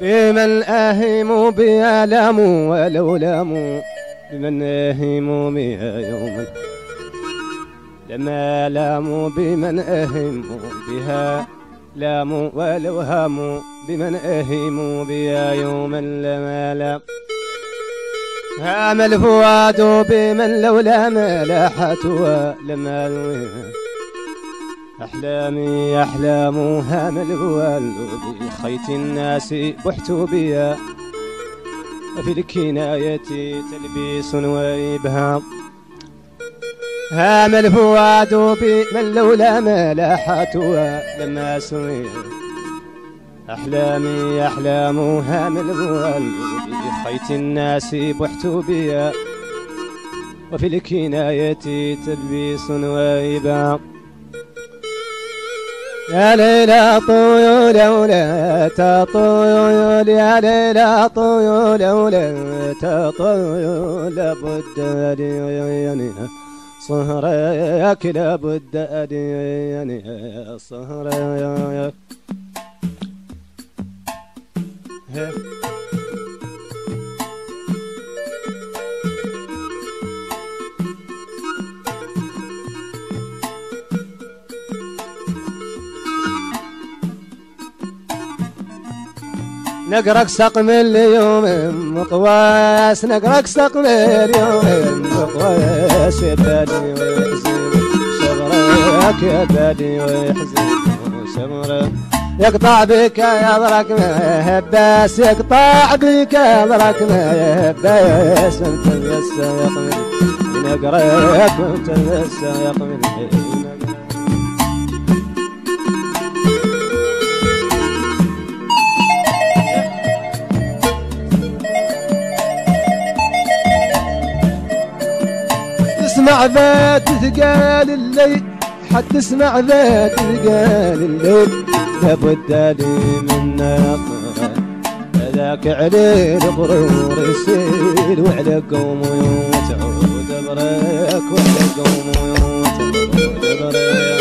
بمن الاهم بها لموا ولو لموا بمن أهم بها يوما لما لاموا بمن أهموا بها لاموا ولو هاموا بمن أهموا بها يوما لما لام هام الفؤاد بمن لولا ما لاحتها لما لوها أحلامي أحلام وهام القوال خيت الناس بحتو بيا في الكناية تلبيس ويبهام هام الفؤاد بمن لولا ملاحات لما سمي أحلامي أحلام هام الغوال خيت الناس بحت بيا وفي الكناية تلبيس وإبام يا ليلى طيول ولا تطيول يا ليلى طيول ولا تطيول لابد أديني صهرك لابد أديني صهرك نقرك سقم اليوم مقواس نقرك سقم اليوم مقواس يا بادي ويحزن شمرك يا بادي ويحزن شمرك يقطع بك يا ضرك ما يهباس يقطع بك يا ضرك ما يهباس انت لسه يقمن نقرك انت لسه يقمن ذات ثقال الليل حد تسمع ذات ثقال الليل لابد لي من ناقرة ذاك عليل غرور يسيل وعلى قوم يوم تعود بريك وعلى قوم يوم تعود بريك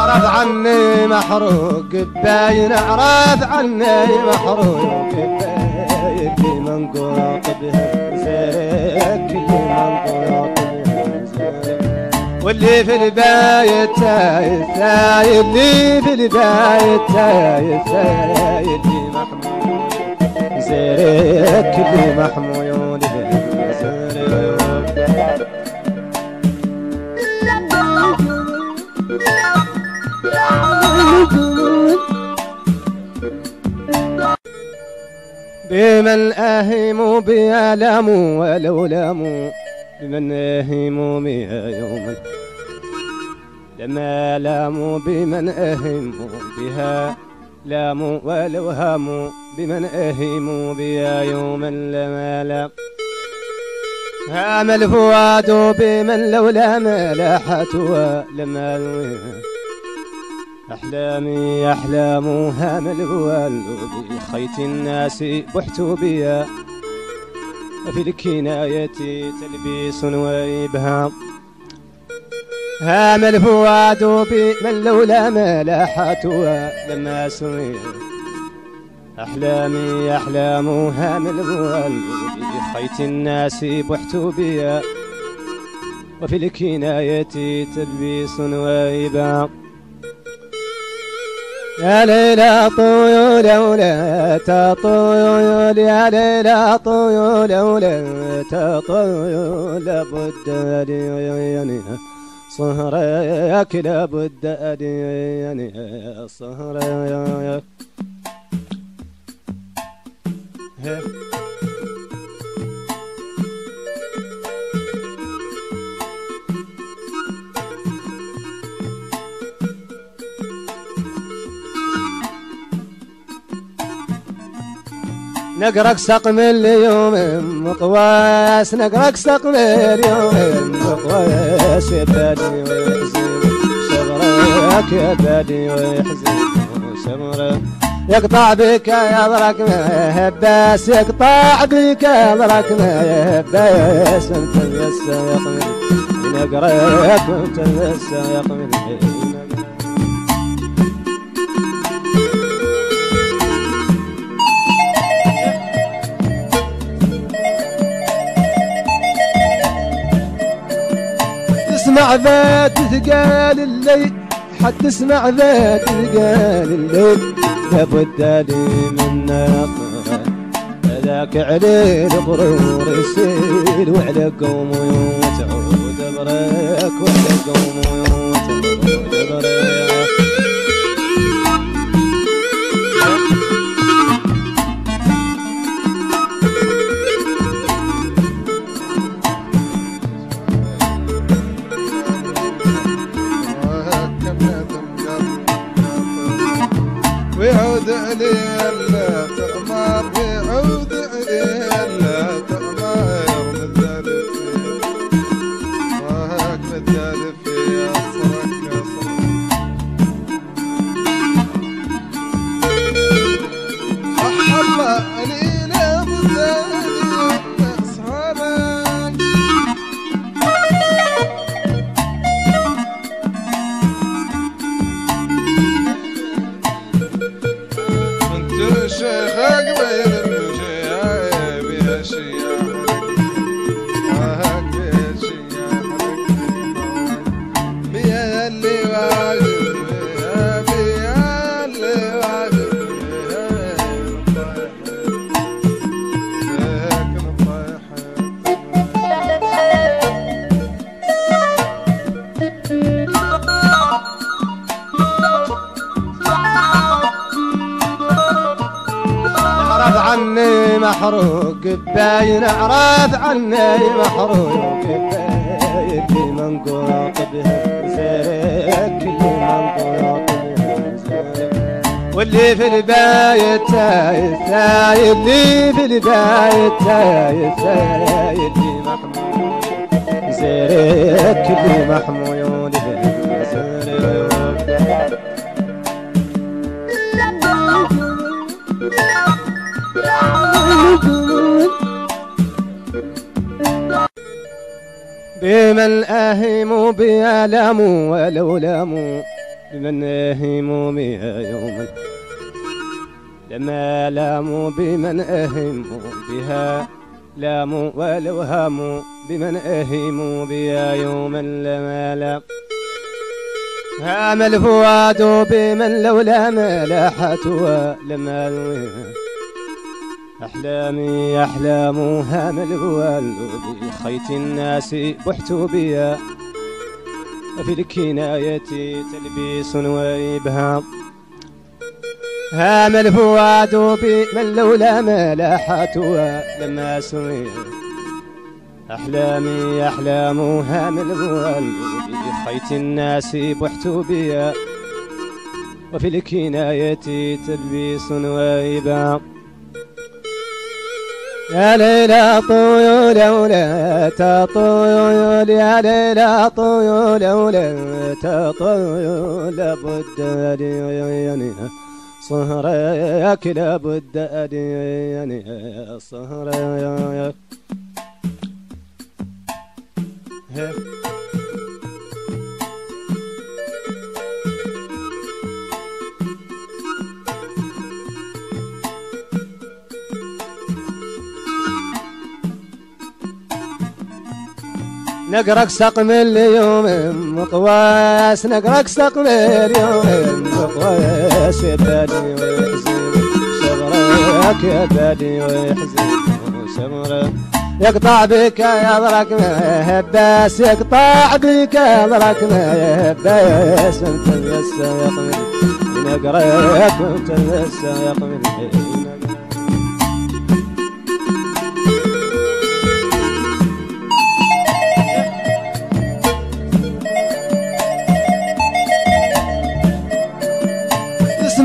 عرف عني محروق باين عرف عني محروق باين كي منقوط قراطبها زيك كي منقوط واللي في الباية تاي سايد اللي في الباية تاي سايد اللي محمود زيك اللي محمود من أهيم بألم ولو لم لمن أهيم بها يوما لما لام بمن أهيم بها لام ولو هم بمن أهيم بها يوما لما لام هام الفؤاد بمن لولا ملاحتها لما لوها أحلامي أحلام وهام الوال خيت الناس بحتو بيا وفي الكناية تلبيس وإبهام هام الفؤاد بمن لولا ملاحات لما سمي أحلامي أحلام هام الوال خيت الناس بحتو بيا وفي الكناية تلبيس وإبهام يا ليلى طيول ولا تطيول يا ليلى طيول ولا تطيول لابد أديني صهرك لابد أديني صهرك نقرك سقم يوم مقواس نقرك سقم يوم مقواس يا بادي ويحزن شمرك يا بادي ويحزن شمرك يقطع بك يا ضرك ما يهباس يقطع بك يا ضرك ما يهباس انت السايق من نقرك انت السايق من تسمع ذات ثقال الليل حد تسمع ذات ثقال الليل لابد لي من ناقه ذاك عليه الغرور يسيل وعلى قوم يموت عود بريك وعلى قوم يموت عود بريك محروق باين عرف عني محروق باين منقوط به زيك منقوط واللي في الباية تاي تاي اللي في الباية تاي تاي اللي محمود زيك اللي محمود من أهم بألم ولو لم من أهم بها يوما لما لام بمن أهم بها لام ولو هم بمن أهم بها يوما لما لام هام الفؤاد بمن لولا لاحت ولما لوها أحلامي أحلام هام الهوال وبخيت الناس بحت بيا في الكناية تلبيس وإبهام هام الفؤاد بمن لولا ملاحات لما سمي أحلامي أحلام هام الهوال بخيت الناس بحت بيا وفي الكناية تلبيس وإبهام يا ليلى طيول ولا تطيول يا ليلى طيول ولا تطيول لابد أديني صهرك لابد أديني صهرك Hey. نقرك استقبل اليوم مقواس نقرك استقبل يوم مقواس يا بادي ويحزن شغرك يا بادي ويحزن شغرك يقطع بك يا ضرك ما يهباس يقطع بك يا ضرك ما يهباس انت لسه يقمن نقرك انت لسه يقمن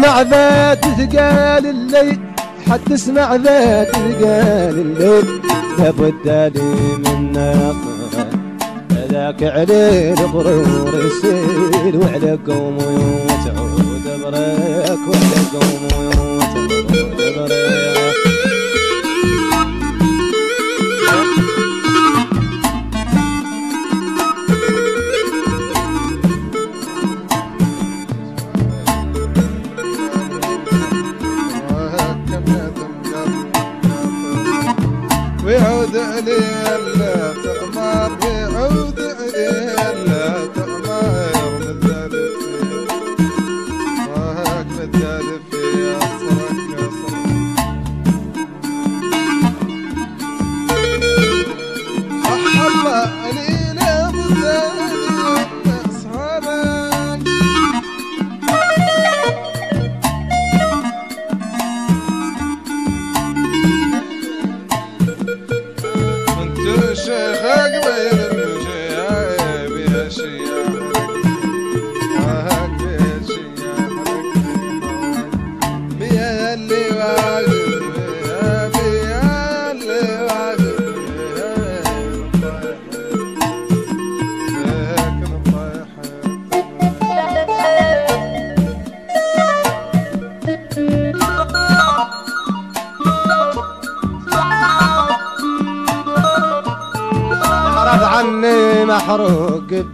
تسمع ذات ثقال الليل حتى تسمع ذات ثقال الليل لابد لي من ناقة ذاك عليل غرور يسيل وعلى قوم يوم تعود بريك وعلى قوم يوم تعود بريك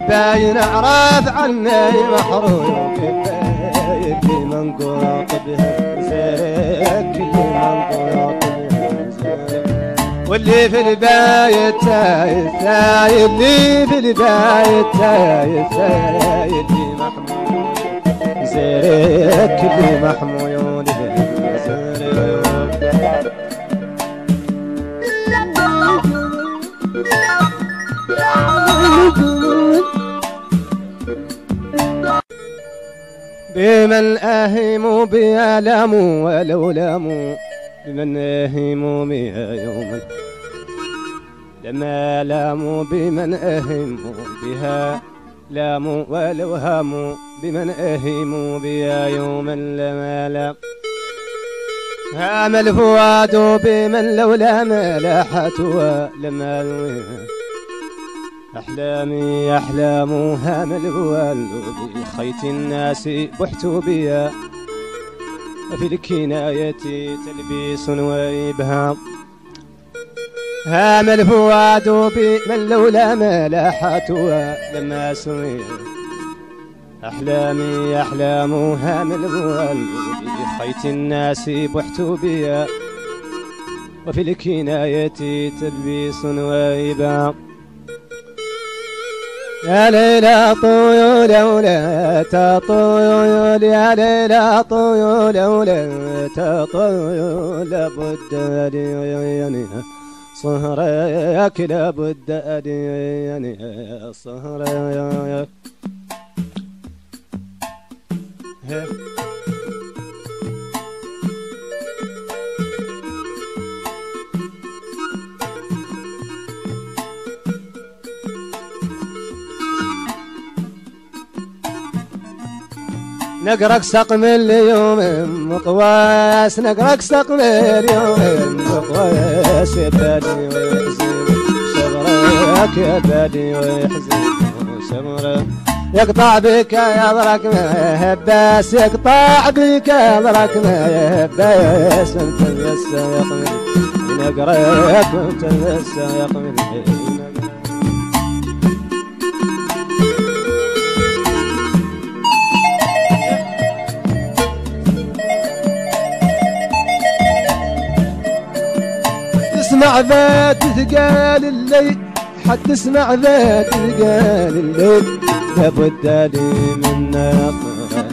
باين عرف عني محروم كبايك من قوط بهم زيك من قوط بهم واللي في البيت تايب تايب لي في البيت تايب تايب لي محمود زيك لي محمود بمن أهم بألم ولو لم بمن أهم بها يوما لما لام بمن أهيم بها لام ولو هم بمن أهيم بها يوما لما لام هام الفؤاد بمن لولا ملاحتها لما لويها أحلامي أحلام وهام الوال خيت الناس بحت بيا في الكناية تلبيس وإبهام هام الفؤاد بمن لولا ملاحات لما سوي أحلامي أحلام هام الوال خيت الناس بحت بيا وفي الكناية تلبيس وإبهام يا ليلى طيول ولا تطيول يا ليلى طيول ولا تطيول لابد أديني صهرك لابد أديني صهرك يا نقرك استقبل اليوم مقواس نقرك استقبل يوم مقواس يا بادي ويحزن شغرك يا بادي ويحزن شغرك يقطع بك يا ضرك ما يهباس يقطع بك يا ضرك ما يهباس انت لسه يقمن نقرك انت لسه يقمن تسمع ذات ثقال الليل حد تسمع ذات ثقال الليل لابد لي من ناقه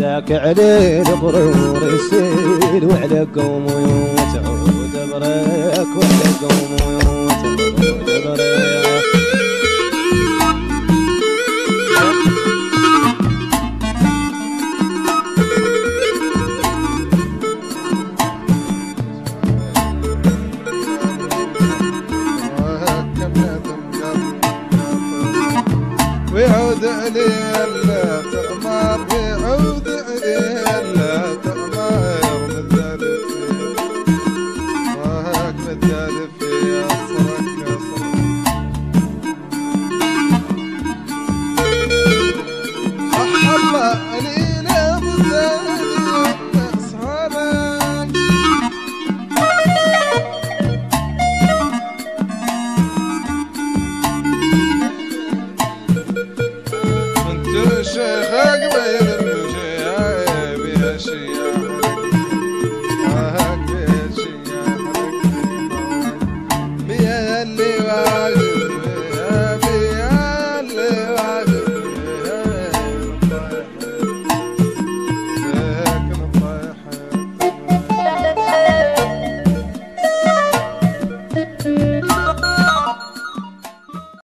ذاك عليه الغرور يسيل وعلى قوم يوم تعود بريك وعلى قوم يوم تعود بريك de